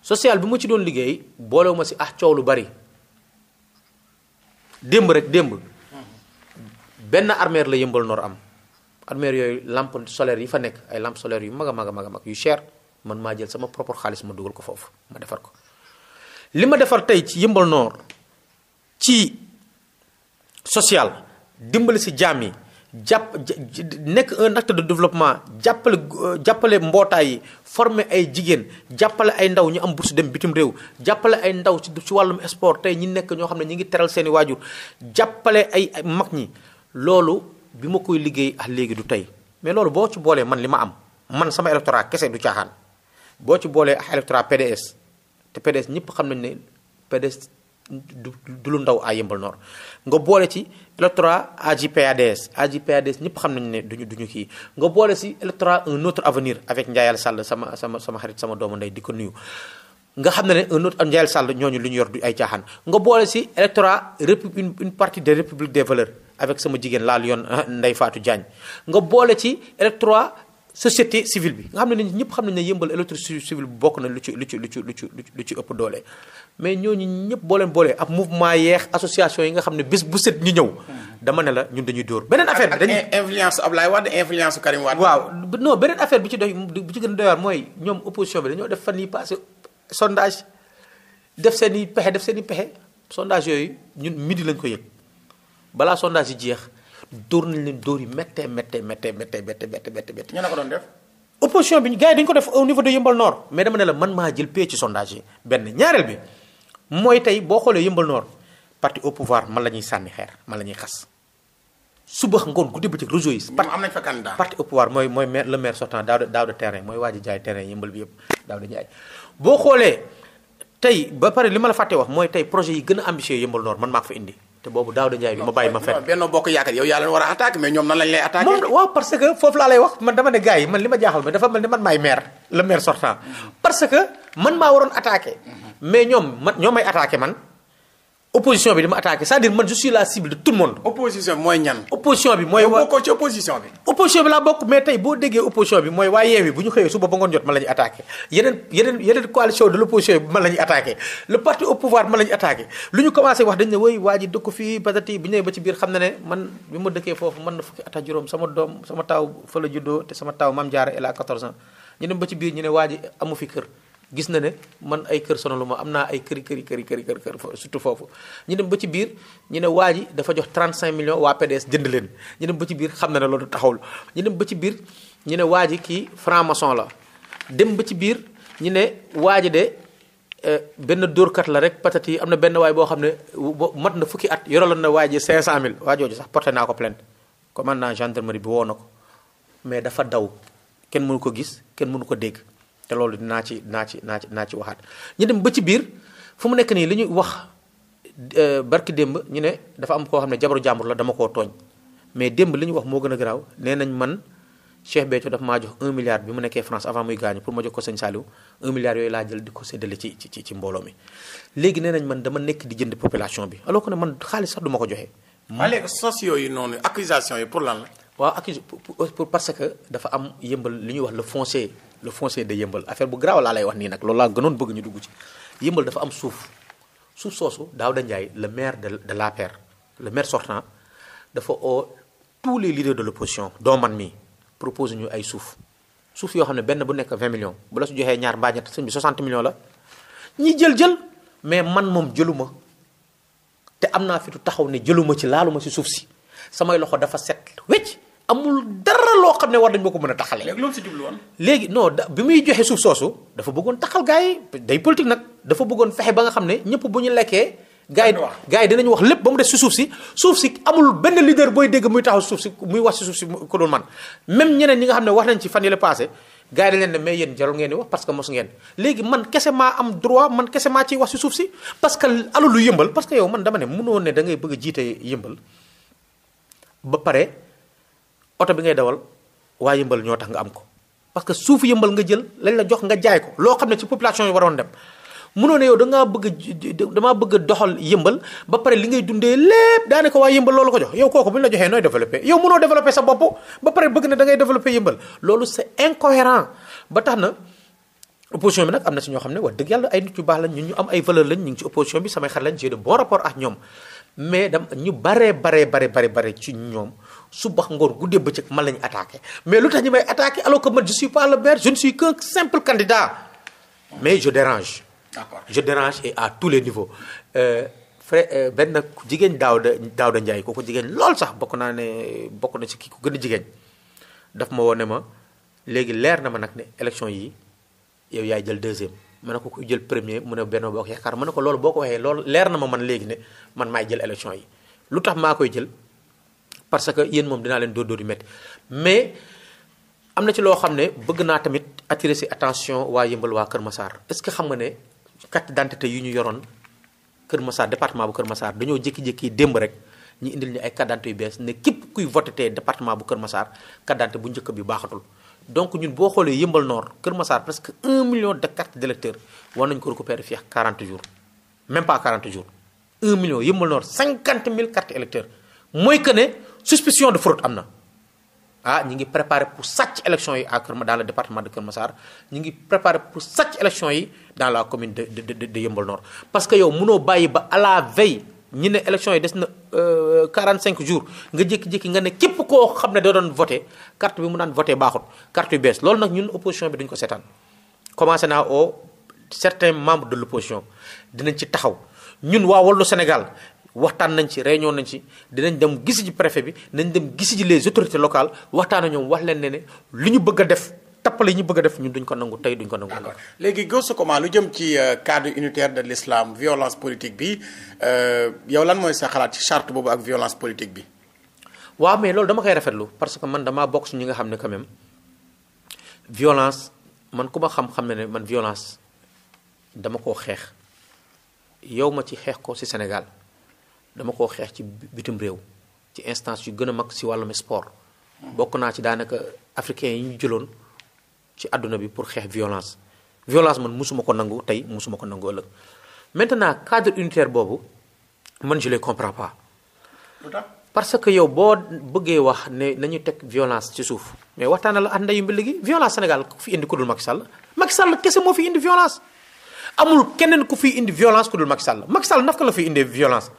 social bi mu ci doon liggéey boolewuma si ah coow lu bari. démb rek démb benn armeer la yëmbal noor am armeer yooyu làmp solaire yi fa nekk ay lampe solaire yu mag a mag a mag a mag yu cher man maa jël sama propre xaalis ma dugal ko foofu ma defar ko li ma defar tey ci yëmbal noor ci social dimbali si jaam yi jàpp nekk un acte de développement jàppale jàppale mbootaay yi ay jigéen jàppale ay ndaw ñu am bourse dem bitim réew jàppale ay ndaw ci ci wàllum sport tey ñi nekk ñoo xam ne ñi ngi teral seeni waajur jàppale ay mag ñi loolu bi ma koy liggéey ak léegi du tey mais loolu boo ci boolee man li ma am man sama électorat kese du caaxaan boo ci boolee ak électorat PDS te PDS ñëpp xam nañ ne PDS du lu ndaw à Yeumbeul Nord nga boole ci électorat AJ/PADS aj ñëpp xam nañ ne du ñu duñu kii nga boole si électorat un autre avenir avec Ndiayal Sall sama sama sama xarit sama doomu nday di ko nuyu nga xam ne ne un autre Ndiayal Sall ñooñu lu ñu yor du ay caaxaan nga boole si électorat une une partie de république des valeurs avec sama jigéen laal yoon (laughs) Ndeye Fatou Diagne nga boole ci électorat société civile bi nga xam ne ñëpp xam nañ ne yëmbal électricité civile bi bokk na lu ci lu ci lu ci lu ci lu ci ëpp doole mais ñooñu ñëpp boo leen boolee ab mouvement yeex association yi nga xam ne bés bu set ñu ñëw. dama ne la ñun dañuy dóor beneen affaire bi dañuy influence Ablaye Wade influence Karim Wade. waaw non beneen affaire bi ci doy bi ci gën a doy waar mooy ñoom opposition bi dañoo def fan yi passé sondage def seen i pexe def seen i pexe sondage yooyu ñun midi lañ ko yëg balaa sondage yi jeex. dóor nañ leen dóor yi méttee méttee méttee méttee méttee méttee méttee méttee. ñu ne ko doon def. opposition bi gars yi dañ ko def au niveau de Yeumbeul Nord mais dama ne la man maa jël pay ci sondage yi benn ñaareel bi mooy tey boo xoolee Yeumbeul Nord parti au pouvoir man la ñuy sànni xeer man la ñuy xas suba ngoon guddi bëccëg réseau yi. parti am nañ fa candidat parti au pouvoir mooy mooy maire le maire sortant daaw de daaw de terrain mooy waa ji jaay terrain Yeumbeul bi yëpp daaw de jaay boo xoolee tey ba pare li ma la fàttee wax mooy tey projet yi gën a ambitieux Yeumbeul Nord man maa ko fa indi te boobu Daouda Ndiaye bi ma bàyyi ma fenn. benn bokk yaakaar yow yaa leen war a attaqué mais ñoom nan lañ lay attaqué. moom waaw parce que foofu laa lay wax man dama ne gars man li ma jaaxal ma dafa mel ni man maay maire le maire sortant mm-hmm. parce que man maa waroon attaqué mm-hmm. mais ñoom man ñoom may attaqué man opposition bi dama attaqué c'est-à-dire man je suis la cible de tout le monde. opposition bi mooy ñan. opposition bi mooy waa bokkoo tey boo déggee opposition bi mooy waa Yewwi bu ñu xëyee suba ba ngoon jot man la ñuy attaqué yeneen yeneen yeneen coalition de l' opposition bi man la ñuy attaqué le parti au pouvoir man la ñuy attaqué lu ñu commencé wax dañ ne woy waa ji dëkk fii patati bu ñu ba ci biir xam ne man bi ma dëkkee foofu man na fukki at juróom sama doom sama taw fa la juddoo te sama taw a 14 ans ñu waa ji fi kër gis na ne man ay kër sonaluma am naa ay këri këri këri këri kër kër surtout foofu ñu dem ba ci biir ñu ne waa ji dafa jox 35 millions waa PDS jënd leen ñu dem ba ci biir xam na ne loolu taxawul ñu dem ba ci biir ñu ne waa kii franc maçon la dem ba ci biir ñu ne waa ji de euh, benn dóorkat la rek patati am na benn waay boo xam ne mat na fukki at ne na waa ji 500000 waa jooju sax porte naa ko plainte commandant gendarmerie bi woo na ko mais dafa daw kenn mënu ko gis kenn mënu ko dégg te loolu dinaa ci dinaa ci naa ci naa ci waxaat ñu dem ba ci biir fu mu nekk nii lu ñuy wax euh, barki démb ñu ne dafa am koo xam ne jabaru jàmbur la dama koo tooñ mais démb lu ñu wax moo gën a garaaw nee nañ man Cheikh Béthio dafa maa jox 1 milliard bi mu nekkee France avant muy gaañu pour ma jox ko sëñ Saliou 1 milliard yooyu laa jël di ko séddale ci ci ci mbooloo mi léegi nee nañ man dama nekk di jënd population bi aloo que ne man xaalis sax du ma ko joxe. ma léegi sos yooyu noonu accusation yi pour lan la. waaw pour parce que dafa am yëmbal li ñuy wax le foncier. le foncier de yëmbal affaire bu garaaw laa lay wax nii nag loolu laa gënoon bëgg ñu dugg ci yëmbal dafa am suuf suuf soosu Daouda Ndiaye le maire de de l'APR le maire sortant dafa oo tous les leaders de l'opposition doo man mii propose ñu ay suuf suuf yoo xam ne benn bu nekk 20 millions bu la su joxee ñaar mbaa ñett sëñ bi millions la ñi jël jël mais man moom jëluma te am naa fitu taxaw ne jëluma ci laaluma ci suuf si samay loxo dafa set wecc amul dara loo xam ne war nañ ma ko mën a taxalee. léegi loolu si jublu woon. léegi non da bi muy joxe suuf soosu dafa bëggoon taxal gars yi day politique nag dafa bëggoon fexe ba nga xam ne ñëpp bu ñu lekkee. gaa yi gaa yi dinañ wax lépp ba mu des si suuf si suuf si amul benn leader booy dégg muy taxaw suuf si muy wax si suuf ko doon man même ñeneen ñi nga xam ne wax nañ ci fan yële passé gaa yi dañ leen ne mais yéen jarul ngeen di wax parce que mos ngeen léegi man kese maa am droit man kese maa ciy wax si suuf si parce que alalu yëmbal parce que yow man dama ne mënoo ne da ngay bëgg a jiite yëmbal ba oto bi ngay dawal waa yëmbal ñoo tax nga am ko parce que suufu yëmbal nga jël lañu la jox nga jaay ko loo xam ne si population yi waroon dem mënoo ne yow dangaa bëgg damaa bëgg doxal yëmbal ba pare li ngay dundee lépp daanaka waa yëmbal loolu ko jox yow kooku bu ñu la joxee nooy développé yow mënoo développé sa bopp ba pare bëgg ne da ngay développé yëmbal loolu c'est incohérent ba tax na opposition bi nag am na si ñoo xam ne wax dëgg yàlla ay nit yu baax lañ ñu am ay valeur lañ ñu ngi ci opposition bi samay xar lañ j'ai de bon mais dam ñu baree baree bare bare bare ci ñoom suba ngoon guddee bëccëg man la ñu mais lu tax ñu may attaqué alors que man je suis pas le maire je ne suis simple candidat mais je dérange. d'accord je dérange et à tous les niveaux. Euh, frère euh, benn nag jigéen Daouda Daouda Ndiaye kooku jigéen lool sax bokk naa ne bokk na ci ki ko gën a jigéen daf ma woon ma léegi leer na ma nag ne élection yi yow yaay jël deuxième. ma ne ko kuy jël premier mu ne benn bokk yaakaar ma ne ko lool boo ko waxee loolu leer na ma man léegi ne man maay jël yi lu tax maa koy jël. parce que yéen moom dinaa leen dóor dóor yu métti mais am na ci loo xam ne bëgg naa tamit attirer si attention waa yëmbal waa Kër Massar est-ce que xam nga ne carte d'identité yu ñu yoroon Kër Massar département bu Kër Massar dañoo jékki-jékki démb rek ñu indil ñu ay carte yu bees ne képp kuy voté tey département bu Kër Massar carte d'identité bu njëkk bi baaxatul donc ñun boo xoolee yëmbal noor Kër Massar presque 1 million de cartes d'électeurs war nañu ko récupérer fii ak 40 jours même pas 40 jours 1 million yëmbal Nord 50 000 cartes électeurs mooy que suspicion de fraude am na ah ñu ngi préparé pour sàcc élection yi à Kër dans le département de Kër Massar ñi ngi préparé pour sàcc élection yi dans la commune de de de de Yeumbeul parce que yow mënoo bàyyi ba à la veille ñi ne élection yi des na 45 euh, jours nga jékki-jékki nga ne képp koo xam ne da doon voté carte bi mu naan voté baaxut carte yu bees loolu nag ñun opposition bi duñ ko seetaan commencé naa oo certains membre de l' opposition dinañ ci taxaw ñun waa Sénégal waxtaan nañ ci réunion nañ ci dinañ dem gisi ji préfet bi nañ dem gisi ji les autorités locales waxtaan ak ñoom wax leen ne ne li ñu bëgg def tappale yi ñu bëgg def ñun duñ ko nangu tey duñ ko nangu. d'accord léegi Gaoussou Koma lu jëm ci euh, cadre unitaire de l'islam violence politique bi euh, yow lan mooy sa xalaat ci charte boobu ak violence politique bi. waaw mais loolu dama koy rafetlu parce que man dama bokk su ñi nga xam ne quand même violence man ku ma xam-xam ne ne man violence dama koo xeex yow ma ci xeex ko ci Sénégal. dama ko xeex ci bitim réew ci instance yu gën a mag si wàllum sport bokk naa ci daanaka africain yi ñu jëloon ci àdduna bi pour xeex violence violence man musuma ko nangu tey musuma ko nangu ëllëg maintenant cadre unitaire boobu man je les comprends pas parce que yow boo bëggee wax ne nañu teg violence ci suuf mais waxtaana la ànda yu mbi gi violence Sénégal ku fi indi ku dul Macky Sall Macky Sall fi indi violence amul keneen ku fi indi violence ku dul Macky Sall Macky naka la fi indi violence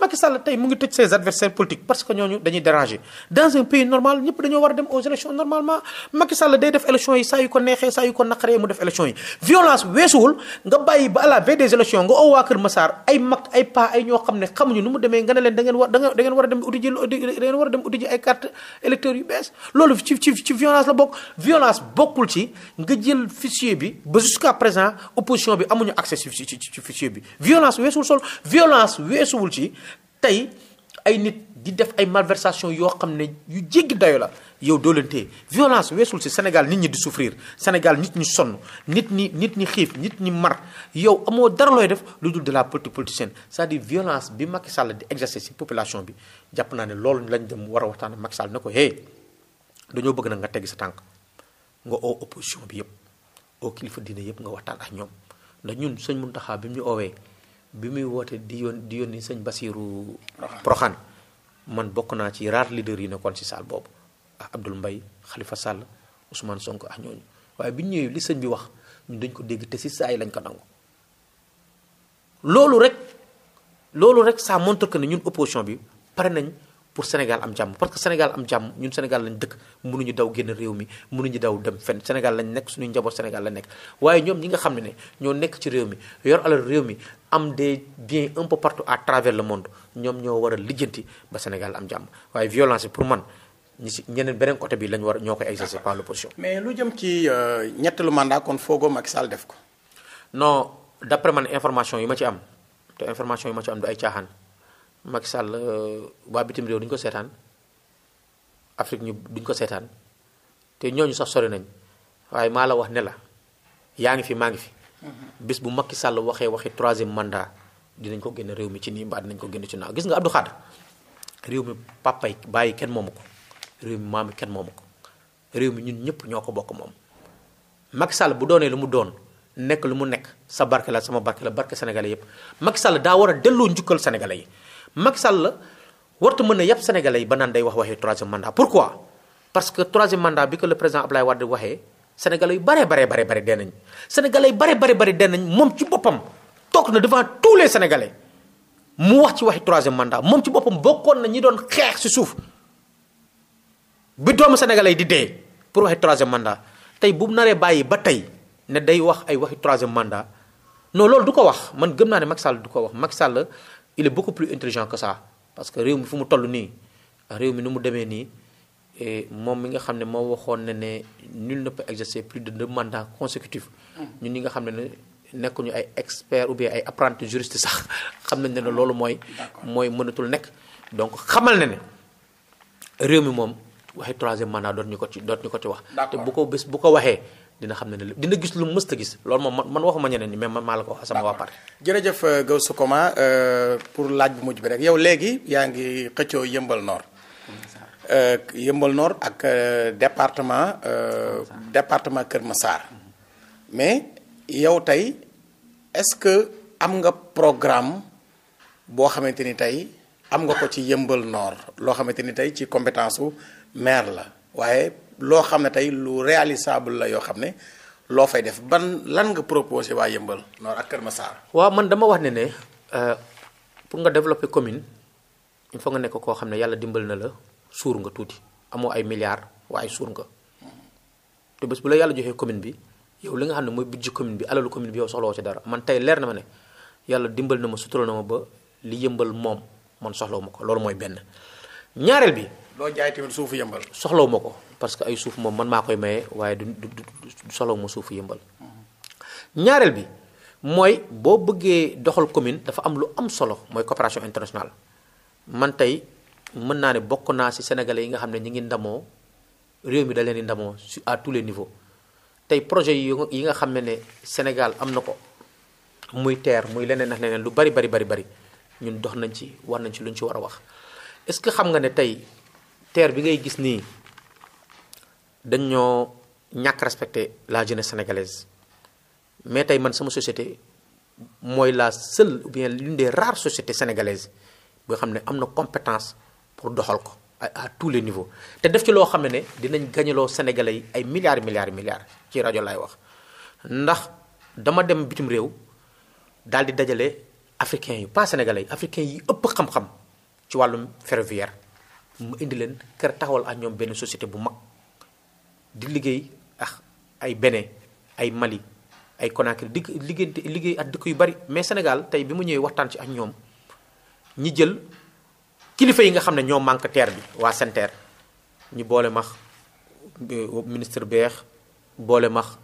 Macky Sall tey mu ngi tëj ses adversaires politiques parce que ñooñu dañuy déranger dans un pays normal ñëpp dañoo war a dem aux élections normalement Macky Sall day def élections yi saa yu ko neexee saa yu ko naqaree mu def élections yi violence weesuwul oo xam ne xamuñu nu mu demee nga ne leen da ngeen a a dem uti ji ay carte électeurs yu bees loolu ci ci ci violence la bokk violence bokkul ci nga jël fichier bi ba jusqu'à présent opposition bi amuñu accès ci sol violence weesuwul ci tey ay nit di def ay malversation yoo xam ne yu jéggi dayo la yow doo leen violence weesul si Sénégal nit ñi di souffrir Sénégal nit ñi sonn nit ñi nit ñi xiif nit ñi mar yow amoo dara looy def lu dul de la politique politicienne sa à violence bi Macky Sall di exercer ci population bi jàpp naa ne loolu lañ dem war a waxtaan ak Macky Sall ne ko hey dañoo bëgg nag nga teg sa tànk nga oo opposition bi yëpp oo kilifa diine yëpp nga waxtaan ak ñoom ndax ñun sëñ bi mu ñu oowee. bi muy wootee di yoon di yónni sëñ Basiiru Proxaan man bokk naa ci raar leader yi nekkoon ci saal boobu ak Abdoul mbay Khalifa Sall Ousmane Sonko ak ñooñu waaye bi ñu ñëwee li sëñ bi wax ñun dañ ko dégg te si saa yi lañ ko nangu loolu rek loolu rek ça montre que ne ñun opposition bi pare nañ pour Sénégal am jàmm parce que Sénégal am jàmm ñun Sénégal lañ dëkk mënuñu daw génn réew mi ñu daw dem fenn Sénégal lañu nekk suñu njaboot Sénégal lañ nekk waaye ñoom ñi nga xam ne ne ñoo nekk ci réew mi yor alal réew mi am des biens un peu partout à travers le monde ñoom ñoo war a lijjanti ba Sénégal am jàmm waaye violence pour man ñi si ñeneen beneen côté bi lañ war ñoo koy exercer par l'opposition. mais lu jëm ci euh, ñetteelu mandat kon foogoo Macky Sall def ko. non d'après man information yi ma ci am te information yi ma ci am ay caaxaan. Macky Sall euh, waa bitim réew duñ ko seetaan Afrique ñu duñ ko seetaan te ñooñu sax sori nañ waaye maa la wax ne la yaa ngi fi maa ngi fi. Mm-hmm. bis bu makki Sall waxee waxi troisième mandat dinañ ko génne réew mi ci nii mbaa dinañ ko génn ci naaw gis nga Abdou Khadre réew mi papay bàyyi kenn moomu ko réew mi maam kenn moomu ko réew mi ñun ñëpp ñoo ko bokk moom. Macky sàll bu doonee lu mu doon nekk lu mu nekk sa barke la sama barke la barke sénégalais yëpp Macky Sall daa war a delloo njukkal sénégalais yi. Macky Sall la wartu mën na yàpp sénégalais yi ba naan day wax waxee troisième mandat pourquoi parce que troisième mandat bi que le président Abdoulaye Wade waxee sénégalais yu bare bare bare dee nañ sénégalais yu bare bare bare dee nañ moom ci boppam toog na devant tous les sénégalais mu wax ci waxi troisième mandat moom ci boppam bokkoon na ñi doon xeex si suuf bi doomu sénégalais yi di dee pour waxee troisième mandat tey bu naree bàyyi ba tey ne day wax ay waxi troisième mandat non du ko wax man gëm naa ne Macky Sall du ko wax Macky Sall il est beaucoup plus intelligent que ça parce que réew mi fu mu toll nii réew mi nu mu demee nii eh, moom mi nga xam ne moo waxoon ne ne nul ne peut plus de deux mandats consécutifs mm. ñun ñi nga xam ne ne nekkuñu ay experts ou bien ay apprentis juristes sax (laughs) xam nañ ne ne loolu mooy mooy mënatul nekk donc xamal na ne réew mi moom waxi troisième mandat doot ñu ko ci dootuñu ko ci wax te bu ko bés bu ko waxee dina xam ne ne dina gis lu mu mës a gis loolu moom man man waxuma ñeneen ñi mais man maa la ko wax sama waa parti. jërëjëf euh, Gaoussou Koma euh, pour laaj bu mujj bi rek yow léegi yaa ngi xëccoo yëmbal noor. Euh, yëmbal noor ak département. département Kër Massar. mais yow tey est-ce que am nga programme boo xamante ni tey am nga ko ci yëmbal noor loo xamante ni tey ci compétence su maire la waaye. loo xam ne tey lu réalisable la yoo xam ne loo fay def ban lan nga proposé waa Yëmbal Nord ak Kër Massar. waaw man dama wax ne ne euh, pour nga développer commune il faut nga nekk koo xam ne yàlla dimbal na la suur nga tuuti amoo ay milliards waaye suur nga te bés bu la yàlla joxee commune bi yow li nga xam ne mooy budget commune bi alalu commune bi yow soxlawoo ci dara man tey leer na ma ne yàlla dimbal na ma sutural na ma ba li Yëmbal moom man soxlawu ma ko loolu mooy benn ñaareel bi. loo jaay tamit suufu Yëmbal. soxlawu ma ko. parce que ay suuf moom man maa koy maye waaye du solo ma suuf yëmbal ñaareel bi mooy boo bëggee doxal commune dafa am lu am solo mooy coopération internationale man tey mën naa ne bokk naa si sénégalais yi nga xam ne ñi ngi ndamoo réew mi da leen di ndamoo su à tous les niveaux tey projet yi nga xam ne ne Sénégal am na ko muy terre muy leneen ak leneen lu bari bari bari bari ñun dox nañ ci war nañ ci lu ñu ci war a wax est-ce que xam nga ne tey terre bi ngay gis nii dañ ñoo ñàkk respecte la jeunesse sénégalaise mais tey man sama société mooy la seule ou bien l'une des rares sociétés sénégalaises boo xam ne am na compétence pour doxal ko à tous les niveaux te def ci loo xam ne ne dinañ gañaloo sénégalais yi ay milliards milliards milliards ci rajo laay wax ndax dama dem bitim réew daal di dajale africains yu pas sénégalais yi africains yi ëpp xam-xam ci wàllum ferroviaire mu indi leen kër taxawal ak ñoom benn société bu mag di liggéey ak ay Bénin ay Mali ay Conakry di liggéey liggéey ak dëkk yu bari mais Sénégal tey bi mu ñëwee waxtaan ci ak ñoom ñi jël kilifa yi nga xam ne ñoo manque terre bi waa SENTER ñu boole max euh, ministre beex boole max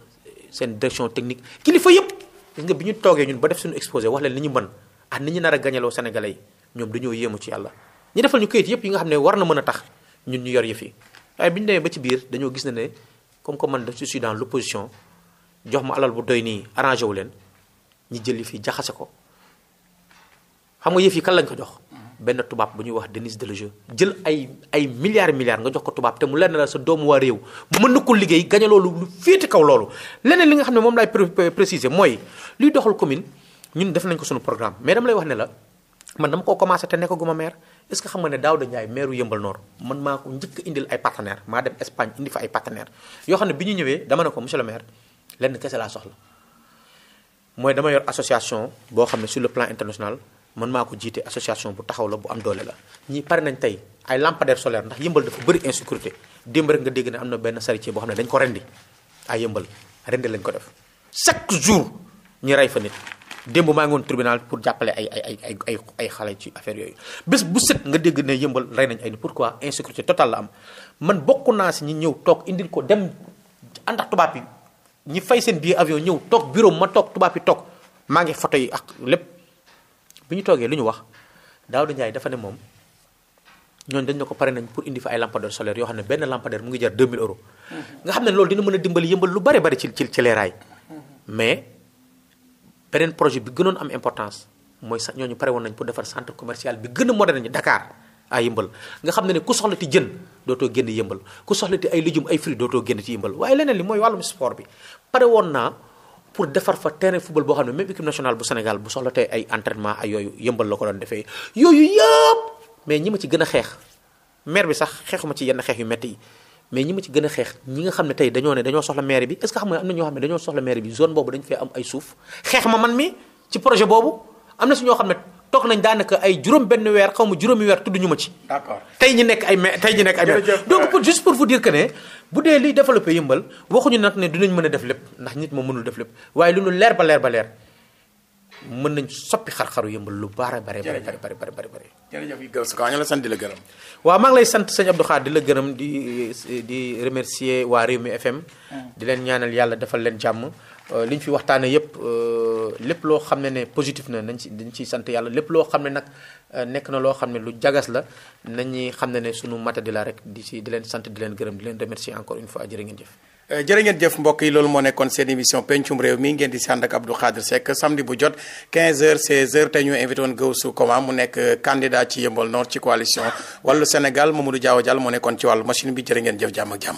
seen direction technique kilifa yëpp gis nga bi ñu toogee ñun ba def suñu exposé wax leen li ñu mën ak ni ñu nar a gañaloo sénégalais yi ñoom dañoo yéemu ci yàlla ñu defal ñu kayit yëpp yi nga xam ne war na mën a tax ñun ñu yor yëf waaye bi ñu demee ba ci biir dañoo gis na ne comme que man def je suis dans l'opposition jox ma alal bu doy nii arrangé wu leen ñi yi fi jaxase ko xam nga yëf yi kan lañ ko jox benn tubaab bu ñuy wax Denis Delajeu jël ay ay milliards milliards nga jox ko tubaab te mu leer na la sa doom waa réew mën na ko liggéey gañe loolu lu féete kaw loolu leneen li nga xam ne moom laay préciser mooy luy doxal commune ñun def nañ ko suñu programme mais dama lay wax ne la man dama koo commencé te nekkaguma est-ce que xam nga ne Daouda Ndiaye maire yëmbal Nord man maa ko njëkk indil ay partenaire maa dem Espagne indi fa ay partenaire yoo xam ne bi ñu ñëwee dama ne ko monsieur le maire lenn kese laa soxla mooy dama yor association boo xam ne sur le plan international man maa ko jiite association bu taxaw la bu am doole la ñi pare nañ tey ay lampadaire solaire ndax yëmbal dafa bëri insécurité démb rek nga dégg ne am na benn charité boo xam ne dañ ko rendi ay yëmbal rendi lañ ko def chaque jour ñu rey démb maa ngi woon tribunal pour jàppale ay ay ay xale ci affaire yooyu bés bu set nga dégg ne yëmbal rey nañ ay ni pourquoi insécurité totale la am man bokk naa si ñi ñëw toog indil ko dem ànd tubaab yi ñi fay seen billet avion ñëw toog bureau ma toog tubaab yi toog maa ngi foto yi ak lépp bi ñu toogee lu ñu wax daaw Daouda Ndiaye dafa ne moom ñooñu dañ ne ko pare nañ pour indi fa ay lampadaire solaire yoo xam ne benn lampadaire mu ngi jar 2000 euros mmh. nga xam ne loolu dina mën a dimbali yëmbal lu bari bari ci ci ci leeraay mmh. beneen projet bi gënoon am importance mooy sax ñooñu pare woon nañ pour defar centre commercial bi gën a moderne ñu Dakar à yëmbal nga xam ne ne ku soxla soxlati jën dootoo génn yëmbal ku soxlati ay lijum ay fruits dootoo génn ci yëmbal waaye leneen li mooy wàllum sport bi pare woon naa pour defar fa tere football boo xam ne même équipe national bu Sénégal bu soxla te ay entraînement ay yooyu yëmbal la ko doon defee yooyu yëpp mais ñi ma ci gën a xeex maire bi sax xeexuma ci yenn xeex yu métti yi mais ñi ma ci gën a xeex ñi nga xam ne tey dañoo ne dañoo soxla maire bi est xam nga am na ñoo xam ne dañoo soxla maire bi zone boobu dañu fee am ay suuf xeex ma man mi ci projet boobu am na si ñoo xam ne toog nañ daanaka ay juróom benn weer xaw ma juróomi weer tudd ñu ma ci. d'accord tey ñi nekk ay ma tey ñi nekk ay maire donc pour juste pour vous dire que ne bu dee liy développé yëmbal waxuñu nag ne dinañ mën a def lépp ndax nit ma mënul def lépp waaye lu leer ba leer ba leer mën nañ soppi xar-xaru yëmbal lu bare bare bare bare bare bare bare bare jërëjëf yi Gaoussou Ka ñu la sant di la gërëm waaw maa ngi lay sant sëñ Abdou Khadre di la gërëm di di remercier waa Rewmi FM hmm. di leen ñaanal yàlla defal leen jàmm euh, li ñu fi waxtaane yépp euh, lépp loo xam ne ne positif na nañ ci dañ ciy sant yàlla lépp loo xam ne nag euh, nekk na loo xam ne lu jagas la nañuy xam ne ne sunu matadi la rek di si di leen sant di leen gërëm di leen remercier encore une fois jërë ngeen jëf Eh, jërë ngeen jëf mbokk yi loolu moo nekkoon seen émission pencum réew mi ngeen di si ànd ak Abdou Khadre Seck samedi bu jot 15h 16 ñu invité woon Gaoussou mu nekk euh, candidat ci Yeumbeul Nord ci coalition wàllu Sénégal Mamadou Diaw Diallo moo nekkoon ci wàllu machine bi jërë ngeen jëf jàmm jàmm.